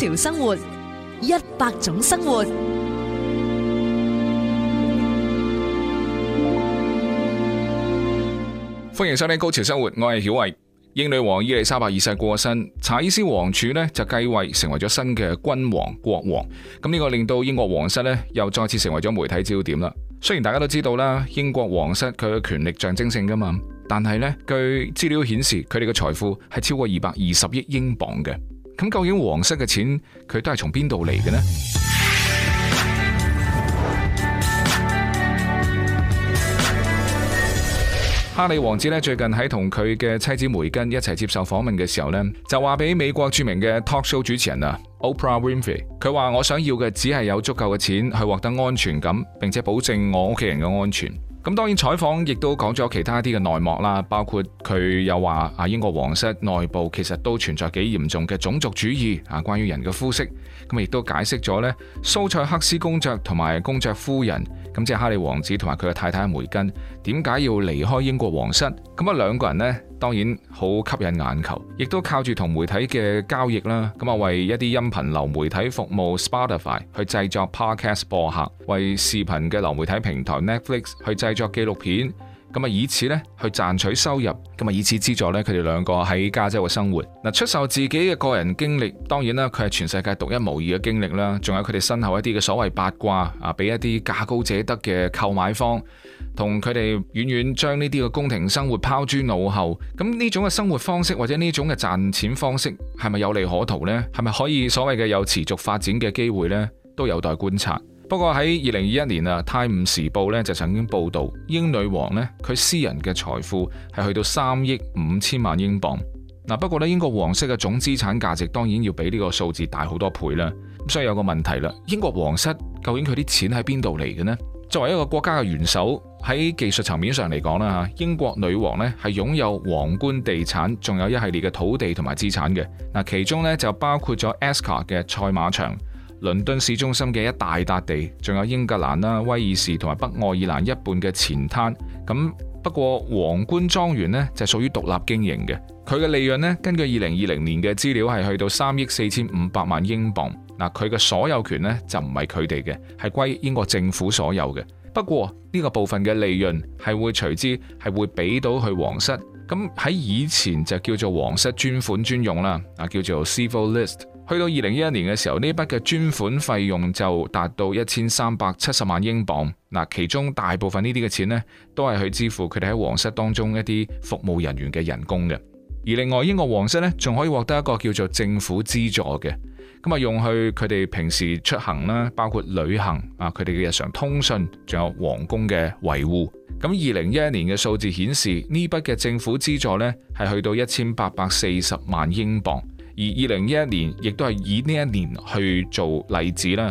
潮生活，一百種生活。歡迎收聽《高潮生活》，我係曉慧。英女王伊麗莎白二世過身，查爾斯王儲呢就繼位，成為咗新嘅君王國王。咁呢個令到英國皇室呢又再次成為咗媒體焦點啦。雖然大家都知道啦，英國皇室佢嘅權力象徵性㗎嘛，但係呢，據資料顯示，佢哋嘅財富係超過二百二十億英鎊嘅。咁究竟皇室嘅錢佢都係從邊度嚟嘅呢？哈利王子咧最近喺同佢嘅妻子梅根一齊接受訪問嘅時候咧，就話俾美國著名嘅 talk show 主持人啊 Oprah Winfrey，佢話我想要嘅只係有足夠嘅錢去獲得安全感，並且保證我屋企人嘅安全。咁當然，採訪亦都講咗其他一啲嘅內幕啦，包括佢又話啊，英國皇室內部其實都存在幾嚴重嘅種族主義啊，關於人嘅膚色。咁亦都解釋咗呢，蘇塞克斯公爵同埋公爵夫人。咁即係哈利王子同埋佢嘅太太梅根點解要離開英國皇室？咁啊兩個人呢，當然好吸引眼球，亦都靠住同媒體嘅交易啦。咁啊為一啲音頻流媒體服務 Spotify 去製作 Podcast 播客，為視頻嘅流媒體平台 Netflix 去製作紀錄片。咁啊，以此呢去賺取收入，咁啊以此資助呢佢哋兩個喺加州嘅生活。嗱，出售自己嘅個人經歷，當然啦，佢係全世界獨一無二嘅經歷啦。仲有佢哋身後一啲嘅所謂八卦啊，俾一啲價高者得嘅購買方，同佢哋遠遠將呢啲嘅宮廷生活拋諸腦後。咁呢種嘅生活方式，或者呢種嘅賺錢方式，係咪有利可圖呢？係咪可以所謂嘅有持續發展嘅機會呢？都有待觀察。不過喺二零二一年啊，《泰晤士報》咧就曾經報導，英女王咧佢私人嘅財富係去到三億五千萬英鎊。嗱，不過咧英國皇室嘅總資產價值當然要比呢個數字大好多倍啦。所以有個問題啦，英國皇室究竟佢啲錢喺邊度嚟嘅呢？作為一個國家嘅元首，喺技術層面上嚟講啦嚇，英國女王咧係擁有皇冠地產，仲有一系列嘅土地同埋資產嘅。嗱，其中呢，就包括咗 Ascot 嘅賽馬場。倫敦市中心嘅一大笪地，仲有英格蘭啦、威爾士同埋北愛爾蘭一半嘅前灘。咁不過皇冠莊園呢就係、屬於獨立經營嘅，佢嘅利潤呢，根據二零二零年嘅資料係去到三億四千五百萬英鎊。嗱，佢嘅所有權呢，就唔係佢哋嘅，係歸英國政府所有嘅。不過呢、呢個部分嘅利潤係會隨之係會俾到去皇室。咁喺以前就叫做皇室專款專用啦，啊叫做 Civil List。去到二零一一年嘅時候，呢筆嘅專款費用就達到一千三百七十萬英鎊。嗱，其中大部分呢啲嘅錢呢，都係去支付佢哋喺皇室當中一啲服務人員嘅人工嘅。而另外，英國皇室呢，仲可以獲得一個叫做政府資助嘅，咁啊用去佢哋平時出行啦，包括旅行啊，佢哋嘅日常通訊，仲有皇宮嘅維護。咁二零一一年嘅數字顯示，呢筆嘅政府資助呢，係去到一千八百四十萬英鎊。而二零一一年亦都係以呢一年去做例子啦。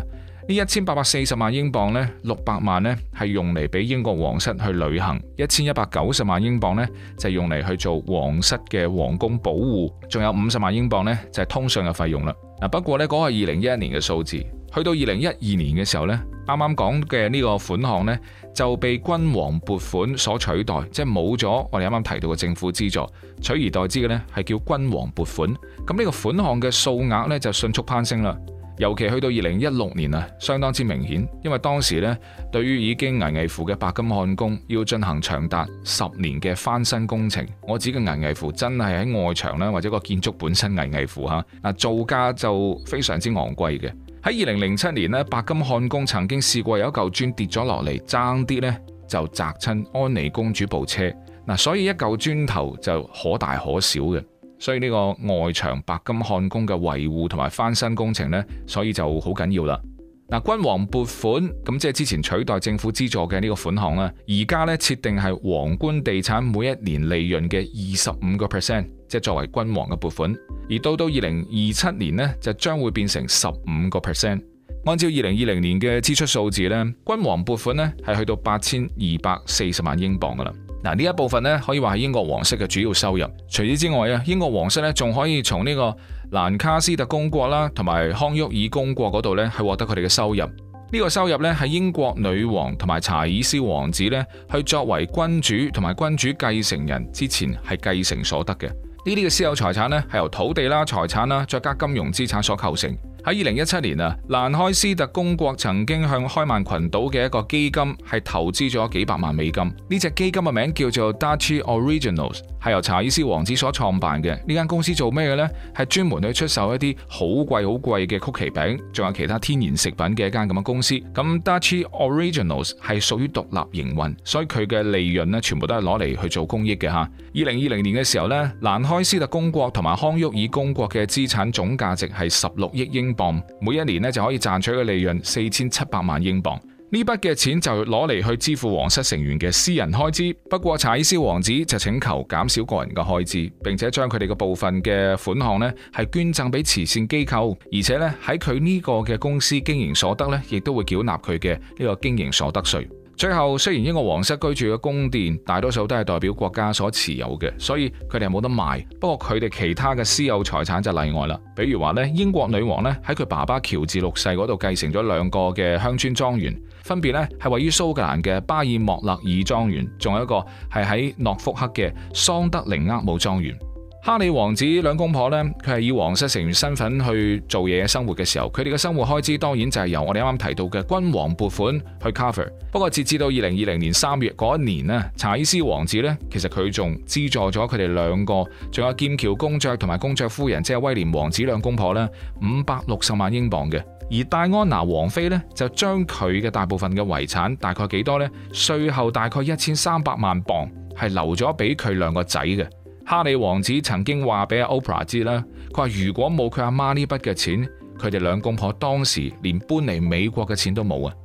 呢一千八百四十萬英鎊呢，六百萬呢係用嚟俾英國皇室去旅行；一千一百九十萬英鎊呢，就係用嚟去做皇室嘅皇宮保護，仲有五十萬英鎊呢，就係通訊嘅費用啦。嗱，不過呢，嗰、嗰個係二零一一年嘅數字。去到二零一二年嘅時候呢，啱啱講嘅呢個款項呢，就被君王撥款所取代，即係冇咗我哋啱啱提到嘅政府資助，取而代之嘅呢係叫君王撥款。咁、這、呢個款項嘅數額呢，就迅速攀升啦。尤其去到二零一六年啊，相當之明顯，因為當時呢，對於已經危危乎嘅白金漢宮要進行長達十年嘅翻新工程，我指嘅危危乎真係喺外牆呢，或者個建築本身危危乎吓，啊造價就非常之昂貴嘅。喺二零零七年咧，白金漢宮曾經試過有一嚿磚跌咗落嚟，爭啲呢就砸親安妮公主部車嗱，所以一嚿磚頭就可大可小嘅，所以呢個外牆白金漢宮嘅維護同埋翻新工程呢，所以就好緊要啦嗱，君王撥款，噉即係之前取代政府資助嘅呢個款項啦，而家呢，設定係皇冠地產每一年利潤嘅二十五個 percent。即係作為君王嘅撥款，而到到二零二七年呢，就將會變成十五個 percent。按照二零二零年嘅支出數字咧，君王撥款呢係去到八千二百四十萬英鎊噶啦。嗱，呢一部分呢可以話係英國皇室嘅主要收入。除此之外啊，英國皇室呢仲可以從呢個蘭卡斯特公國啦，同埋康沃爾公國嗰度咧係獲得佢哋嘅收入。呢個收入咧係英國女王同埋查爾斯王子咧去作為君主同埋君主繼承人之前係繼承所得嘅。呢啲嘅私有財產咧，係由土地啦、財產啦，再加金融資產所構成。喺二零一七年啊，蘭開斯特公國曾經向開曼群島嘅一個基金係投資咗幾百萬美金。呢隻基金嘅名叫做 Duchy Originals，係由查爾斯王子所創辦嘅。呢間公司做咩嘅呢？係專門去出售一啲好貴好貴嘅曲奇餅，仲有其他天然食品嘅一間咁嘅公司。咁 Duchy Originals 係屬於獨立營運，所以佢嘅利潤呢，全部都係攞嚟去做公益嘅嚇。二零二零年嘅時候呢，蘭開斯特公國同埋康沃爾公國嘅資產總價值係十六億英。鎊，每一年咧就可以賺取嘅利潤四千七百萬英鎊，呢筆嘅錢就攞嚟去支付皇室成員嘅私人開支。不過查爾斯王子就請求減少個人嘅開支，並且將佢哋嘅部分嘅款項咧係捐贈俾慈善機構，而且咧喺佢呢個嘅公司經營所得咧亦都會繳納佢嘅呢個經營所得稅。最後，雖然英國皇室居住嘅宮殿大多數都係代表國家所持有嘅，所以佢哋冇得賣。不過佢哋其他嘅私有財產就例外啦，比如話咧，英國女王咧喺佢爸爸喬治六世嗰度繼承咗兩個嘅鄉村莊園，分別咧係位於蘇格蘭嘅巴爾莫勒爾莊園，仲有一個係喺諾福克嘅桑德寧厄姆莊園。哈利王子兩公婆呢，佢係以皇室成員身份去做嘢生活嘅時候，佢哋嘅生活開支當然就係由我哋啱啱提到嘅君王撥款去 cover。不過截至到二零二零年三月嗰一年咧，查爾斯王子呢，其實佢仲資助咗佢哋兩個，仲有劍橋公爵同埋公爵夫人，即係威廉王子兩公婆呢，五百六十萬英鎊嘅。而戴安娜王妃呢，就將佢嘅大部分嘅遺產，大概幾多呢？稅後大概一千三百萬鎊，係留咗俾佢兩個仔嘅。哈利王子曾經話俾阿 Oprah 知啦，佢話如果冇佢阿媽呢筆嘅錢，佢哋兩公婆當時連搬嚟美國嘅錢都冇啊！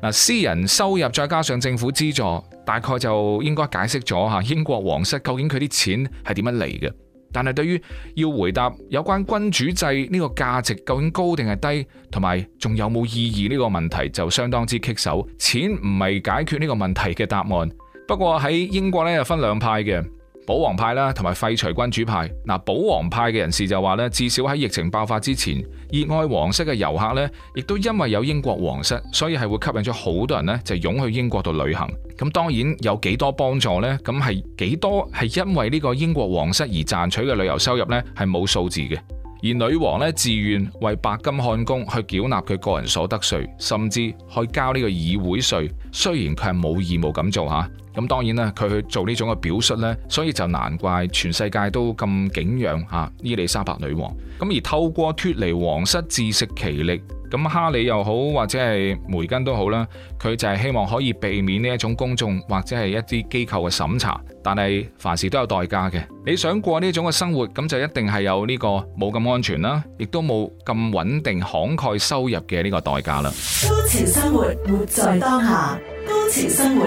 嗱，私人收入再加上政府資助，大概就應該解釋咗吓英國皇室究竟佢啲錢係點樣嚟嘅。但係對於要回答有關君主制呢個價值究竟高定係低，同埋仲有冇意義呢個問題，就相當之棘手。錢唔係解決呢個問題嘅答案。不過喺英國咧，又分兩派嘅。保皇派啦，同埋廢除君主派。嗱，保皇派嘅人士就話咧，至少喺疫情爆發之前，熱愛皇室嘅遊客咧，亦都因為有英國皇室，所以係會吸引咗好多人呢，就湧去英國度旅行。咁當然有幾多幫助呢？咁係幾多係因為呢個英國皇室而賺取嘅旅遊收入呢？係冇數字嘅。而女王呢，自願為白金漢宮去繳納佢個人所得稅，甚至去交呢個議會稅，雖然佢係冇義務咁做吓。咁當然啦，佢去做呢種嘅表述呢，所以就難怪全世界都咁景仰吓，啊、伊麗莎白女王。咁而透過脫離皇室自食其力，咁哈里又好或者係梅根都好啦，佢就係希望可以避免呢一種公眾或者係一啲機構嘅審查。但係凡事都有代價嘅，你想過呢種嘅生活，咁就一定係有呢個冇咁安全啦，亦都冇咁穩定慷慨收入嘅呢個代價啦。高潮生活，活在當下。高潮生活。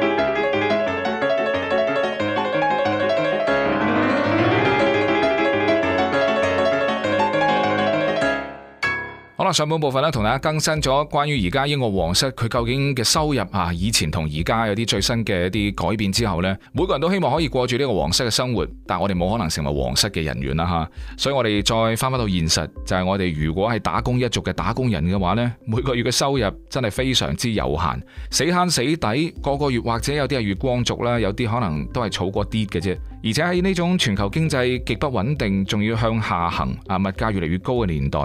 上半部分咧，同大家更新咗關於而家英國皇室佢究竟嘅收入吓、啊，以前同而家有啲最新嘅一啲改變之後呢，每個人都希望可以過住呢個皇室嘅生活，但我哋冇可能成為皇室嘅人員啦吓，所以我哋再翻翻到現實，就係、是、我哋如果係打工一族嘅打工人嘅話呢，每個月嘅收入真係非常之有限，死慳死抵個個月，或者有啲係月光族啦，有啲可能都係儲過啲嘅啫。而且喺呢種全球經濟極不穩定，仲要向下行啊，物價越嚟越高嘅年代，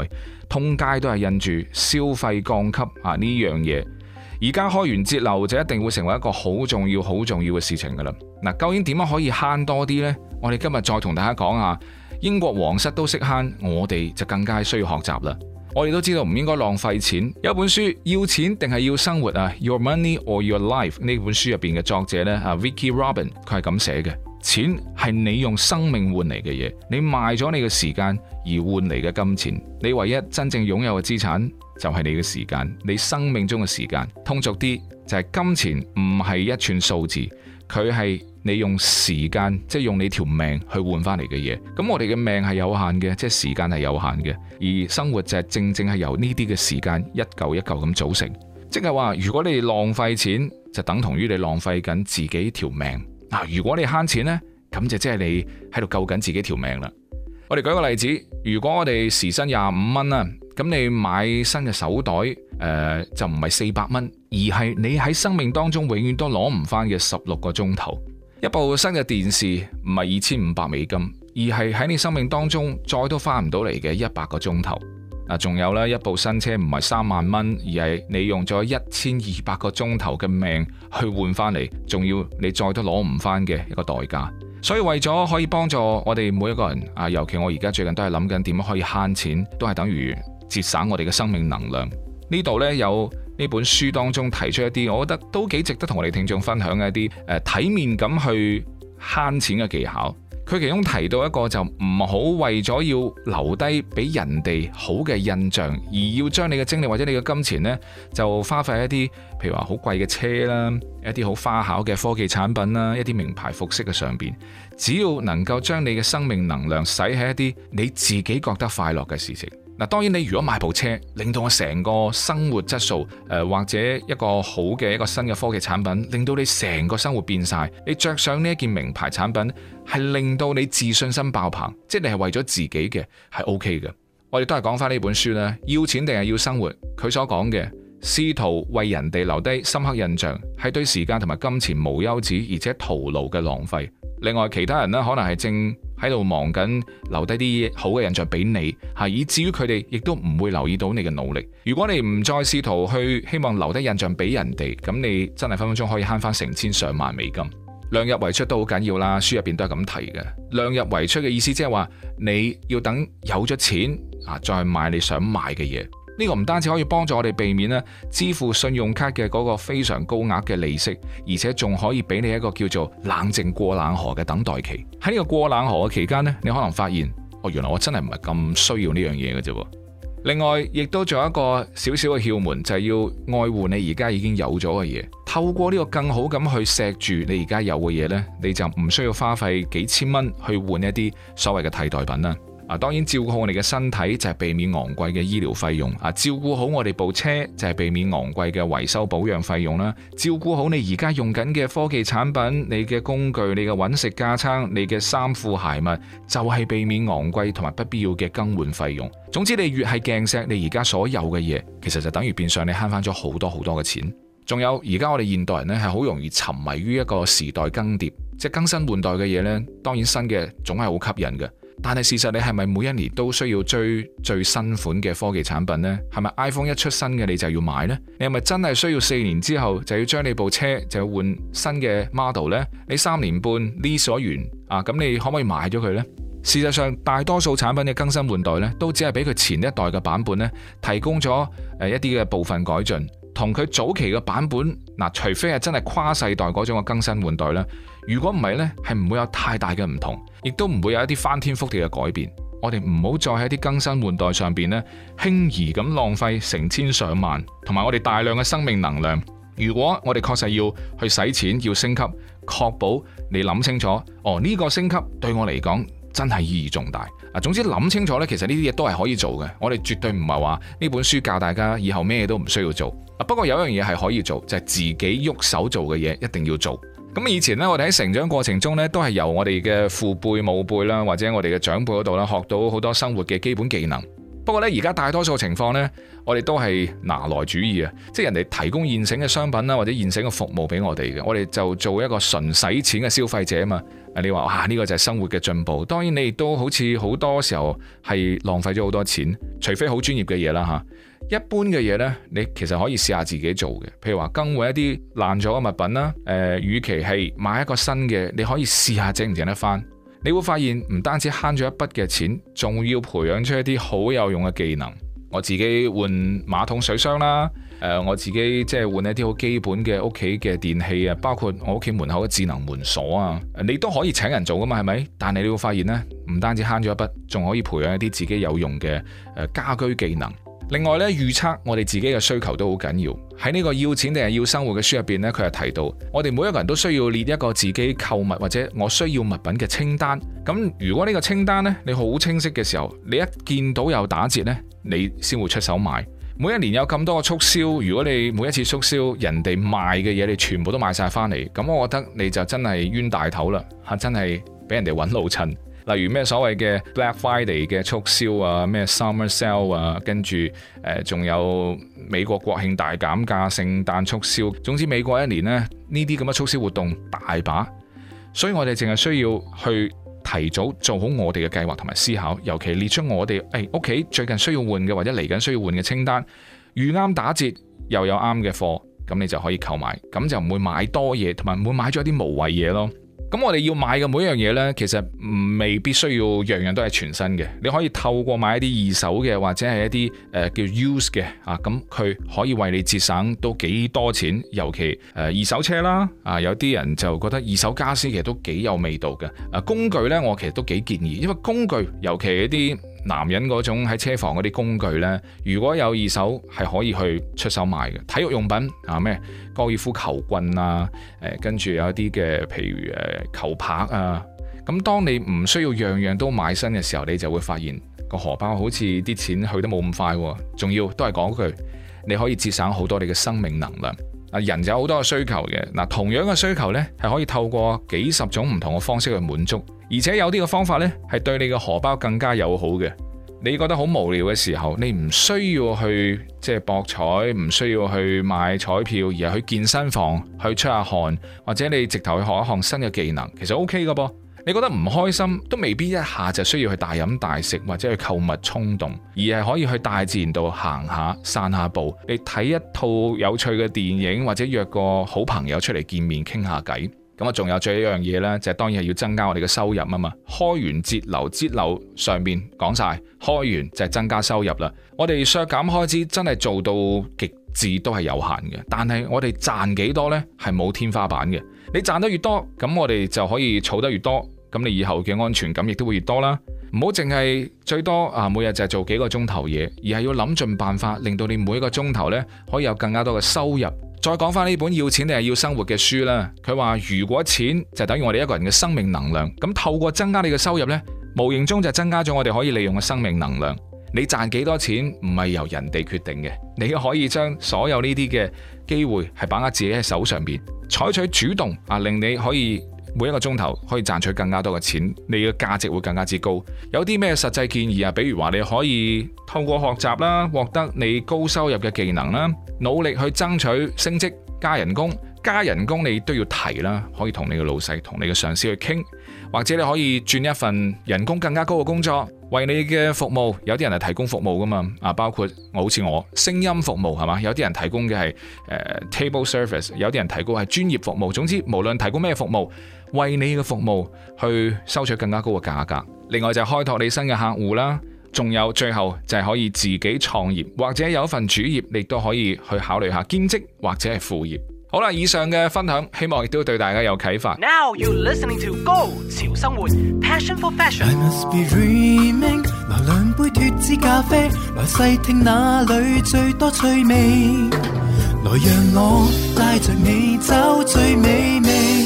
通街都係印住消費降級啊呢樣嘢。而家開源節流就一定會成為一個好重要、好重要嘅事情噶啦。嗱、啊，究竟點樣可以慳多啲呢？我哋今日再同大家講下，英國皇室都識慳，我哋就更加需要學習啦。我哋都知道唔應該浪費錢。有本書，要錢定係要生活啊？Your Money or Your Life 呢本書入邊嘅作者呢啊，Vicky Robin 佢係咁寫嘅。錢係你用生命換嚟嘅嘢，你賣咗你嘅時間而換嚟嘅金錢，你唯一真正擁有嘅資產就係你嘅時間，你生命中嘅時間。通俗啲就係金錢唔係一串數字，佢係你用時間，即係用你條命去換翻嚟嘅嘢。咁我哋嘅命係有限嘅，即係時間係有限嘅，而生活就係正正係由呢啲嘅時間一嚿一嚿咁組成。即係話，如果你浪費錢，就等同於你浪費緊自己條命。嗱，如果你慳錢呢，咁就即係你喺度救緊自己條命啦。我哋舉個例子，如果我哋時薪廿五蚊呀，咁你買新嘅手袋，誒、呃、就唔係四百蚊，而係你喺生命當中永遠都攞唔翻嘅十六個鐘頭；一部新嘅電視唔係二千五百美金，而係喺你生命當中再都翻唔到嚟嘅一百個鐘頭。嗱，仲有咧，一部新車唔係三萬蚊，而係你用咗一千二百個鐘頭嘅命去換翻嚟，仲要你再都攞唔翻嘅一個代價。所以為咗可以幫助我哋每一個人，啊，尤其我而家最近都係諗緊點樣可以慳錢，都係等於節省我哋嘅生命能量。呢度呢，有呢本書當中提出一啲，我覺得都幾值得同我哋聽眾分享嘅一啲，誒、呃，體面咁去慳錢嘅技巧。佢其中提到一個就唔好為咗要留低俾人哋好嘅印象，而要將你嘅精力或者你嘅金錢呢，就花費喺一啲，譬如話好貴嘅車啦，一啲好花巧嘅科技產品啦，一啲名牌服飾嘅上面，只要能夠將你嘅生命能量使喺一啲你自己覺得快樂嘅事情。嗱，當然你如果買部車，令到我成個生活質素，誒、呃、或者一個好嘅一個新嘅科技產品，令到你成個生活變晒。你着上呢一件名牌產品，係令到你自信心爆棚，即係你係為咗自己嘅，係 OK 嘅。我哋都係講翻呢本書啦，要錢定係要生活？佢所講嘅試圖為人哋留低深刻印象，係對時間同埋金錢無休止而且徒勞嘅浪費。另外其他人呢，可能係正。喺度忙緊，留低啲好嘅印象俾你，嚇！以至於佢哋亦都唔會留意到你嘅努力。如果你唔再試圖去希望留低印象俾人哋，咁你真係分分鐘可以慳返成千上萬美金。量入為出都好緊要啦，書入邊都係咁提嘅。量入為出嘅意思即係話，你要等有咗錢啊，再買你想買嘅嘢。呢個唔單止可以幫助我哋避免咧支付信用卡嘅嗰個非常高額嘅利息，而且仲可以俾你一個叫做冷靜過冷河嘅等待期。喺呢個過冷河嘅期間呢，你可能發現哦，原來我真係唔係咁需要呢樣嘢嘅啫。另外，亦都仲有一個少少嘅竅門，就係要愛護你而家已經有咗嘅嘢，透過呢個更好咁去錫住你而家有嘅嘢呢，你就唔需要花費幾千蚊去換一啲所謂嘅替代品啦。啊，當然照顧好我哋嘅身體就係避免昂貴嘅醫療費用；啊，照顧好我哋部車就係避免昂貴嘅維修保養費用啦；照顧好你而家用緊嘅科技產品、你嘅工具、你嘅揾食架撐、你嘅衫褲鞋襪，就係避免昂貴同埋不必要嘅更換費用。總之，你越係鏡石，你而家所有嘅嘢其實就等於變相你慳翻咗好多好多嘅錢。仲有而家我哋現代人呢，係好容易沉迷於一個時代更迭，即係更新換代嘅嘢呢，當然新嘅總係好吸引嘅。但係事實，你係咪每一年都需要追最，最新款嘅科技產品呢？係咪 iPhone 一出新嘅你就要買呢？你係咪真係需要四年之後就要將你部車就要換新嘅 model 呢？你三年半 lease 咗完啊，咁你可唔可以買咗佢呢？事實上，大多數產品嘅更新換代呢，都只係俾佢前一代嘅版本呢提供咗誒一啲嘅部分改進。同佢早期嘅版本嗱，除非係真係跨世代嗰種嘅更新換代啦，如果唔係呢係唔會有太大嘅唔同，亦都唔會有一啲翻天覆地嘅改變。我哋唔好再喺啲更新換代上邊咧，輕易咁浪費成千上萬，同埋我哋大量嘅生命能量。如果我哋確實要去使錢，要升級，確保你諗清楚，哦呢個升級對我嚟講真係意義重大。啊，總之諗清楚呢，其實呢啲嘢都係可以做嘅。我哋絕對唔係話呢本書教大家以後咩都唔需要做。不過有樣嘢係可以做，就係自己喐手做嘅嘢一定要做。咁以前呢，我哋喺成長過程中呢，都係由我哋嘅父輩母輩啦，或者我哋嘅長輩嗰度啦，學到好多生活嘅基本技能。不過呢，而家大多數情況呢，我哋都係拿來主義啊，即係人哋提供現成嘅商品啦，或者現成嘅服務俾我哋嘅，我哋就做一個純使錢嘅消費者啊嘛。你話哇，呢個就係生活嘅進步。當然，你亦都好似好多時候係浪費咗好多錢，除非好專業嘅嘢啦嚇。一般嘅嘢呢，你其實可以試下自己做嘅，譬如話更換一啲爛咗嘅物品啦。誒，與其係買一個新嘅，你可以試下整唔整得返。你會發現唔單止慳咗一筆嘅錢，仲要培養出一啲好有用嘅技能。我自己換馬桶水箱啦，誒，我自己即係換一啲好基本嘅屋企嘅電器啊，包括我屋企門口嘅智能門鎖啊，你都可以請人做㗎嘛，係咪？但係你會發現呢，唔單止慳咗一筆，仲可以培養一啲自己有用嘅家居技能。另外咧，預測我哋自己嘅需求都好緊要。喺呢個要錢定係要生活嘅書入邊咧，佢又提到，我哋每一個人都需要列一個自己購物或者我需要物品嘅清單。咁、嗯、如果呢個清單咧，你好清晰嘅時候，你一見到有打折呢，你先會出手買。每一年有咁多個促銷，如果你每一次促銷人哋賣嘅嘢，你全部都買晒翻嚟，咁、嗯、我覺得你就真係冤大頭啦，嚇真係俾人哋揾老襯。例如咩所謂嘅 Black Friday 嘅促銷啊，咩 Summer Sale 啊，跟住呃、仲有美國國慶大減價、聖誕促銷。總之美國一年咧，呢啲咁嘅促銷活動大把，所以我哋淨係需要去提早做好我哋嘅計劃同埋思考，尤其列出我哋誒屋企最近需要換嘅或者嚟緊需要換嘅清單，遇啱打折又有啱嘅貨，咁你就可以購買，咁就唔會買多嘢，同埋唔會買咗啲無謂嘢咯。咁我哋要買嘅每一樣嘢呢，其實未必需要樣樣都係全新嘅。你可以透過買一啲二手嘅，或者係一啲誒、呃、叫 use 嘅啊。咁佢可以為你節省都幾多錢，尤其誒、呃、二手車啦。啊，有啲人就覺得二手家私其實都幾有味道嘅。啊，工具呢，我其實都幾建議，因為工具尤其一啲。男人嗰種喺車房嗰啲工具呢，如果有二手係可以去出手買嘅，體育用品啊咩，高爾夫球棍啊，欸跟住有一啲嘅譬如誒球拍啊，咁、啊、當你唔需要樣樣都買新嘅時候，你就會發現個荷包好似啲錢去得冇咁快啊，仲要都係講句，你可以節省好多你嘅生命能量。人有好多嘅需求嘅，嗱同樣嘅需求呢，係可以透過幾十種唔同嘅方式去滿足，而且有啲嘅方法呢，係對你嘅荷包更加友好嘅。你覺得好無聊嘅時候，你唔需要去即係博彩，唔需要去買彩票，而係去健身房去出下汗，或者你直頭去學一項新嘅技能，其實 OK 嘅噃。你覺得唔開心都未必一下就需要去大飲大食或者去購物衝動，而係可以去大自然度行下、散下步。你睇一套有趣嘅電影，或者約個好朋友出嚟見面傾下偈。咁啊，仲有最一樣嘢呢？就係、是、當然係要增加我哋嘅收入啊嘛。開源節流，節流上面講晒，開源就係增加收入啦。我哋削減開支真係做到極致都係有限嘅，但係我哋賺幾多呢？係冇天花板嘅。你賺得越多，咁我哋就可以儲得越多。咁你以後嘅安全感亦都會越多啦，唔好淨係最多啊，每日就係做幾個鐘頭嘢，而係要諗盡辦法，令到你每一個鐘頭呢，可以有更加多嘅收入。再講返呢本要錢定係要生活嘅書啦，佢話如果錢就等於我哋一個人嘅生命能量，咁透過增加你嘅收入呢，無形中就增加咗我哋可以利用嘅生命能量。你賺幾多錢唔係由人哋決定嘅，你可以將所有呢啲嘅機會係把握自己喺手上邊，採取主動啊，令你可以。每一個鐘頭可以賺取更加多嘅錢，你嘅價值會更加之高。有啲咩實際建議啊？比如話你可以透過學習啦，獲得你高收入嘅技能啦，努力去爭取升職、加人工、加人工你都要提啦，可以同你嘅老細、同你嘅上司去傾，或者你可以轉一份人工更加高嘅工作，為你嘅服務。有啲人係提供服務噶嘛，啊，包括好我好似我聲音服務係咪，有啲人提供嘅係誒 table service，有啲人提供係專業服務。總之，無論提供咩服務。為你嘅服務去收取更加高嘅價格，另外就開拓你新嘅客戶啦，仲有最後就係可以自己創業或者有一份主業，你都可以去考慮下兼職或者係副業。好啦，以上嘅分享，希望亦都對大家有啟發。Now you listening to go 潮生活，passion for fashion，I must be dreaming。嗱，兩杯脫脂咖啡，嗱，細聽，那裏最多趣味，來讓我帶著你走最美味。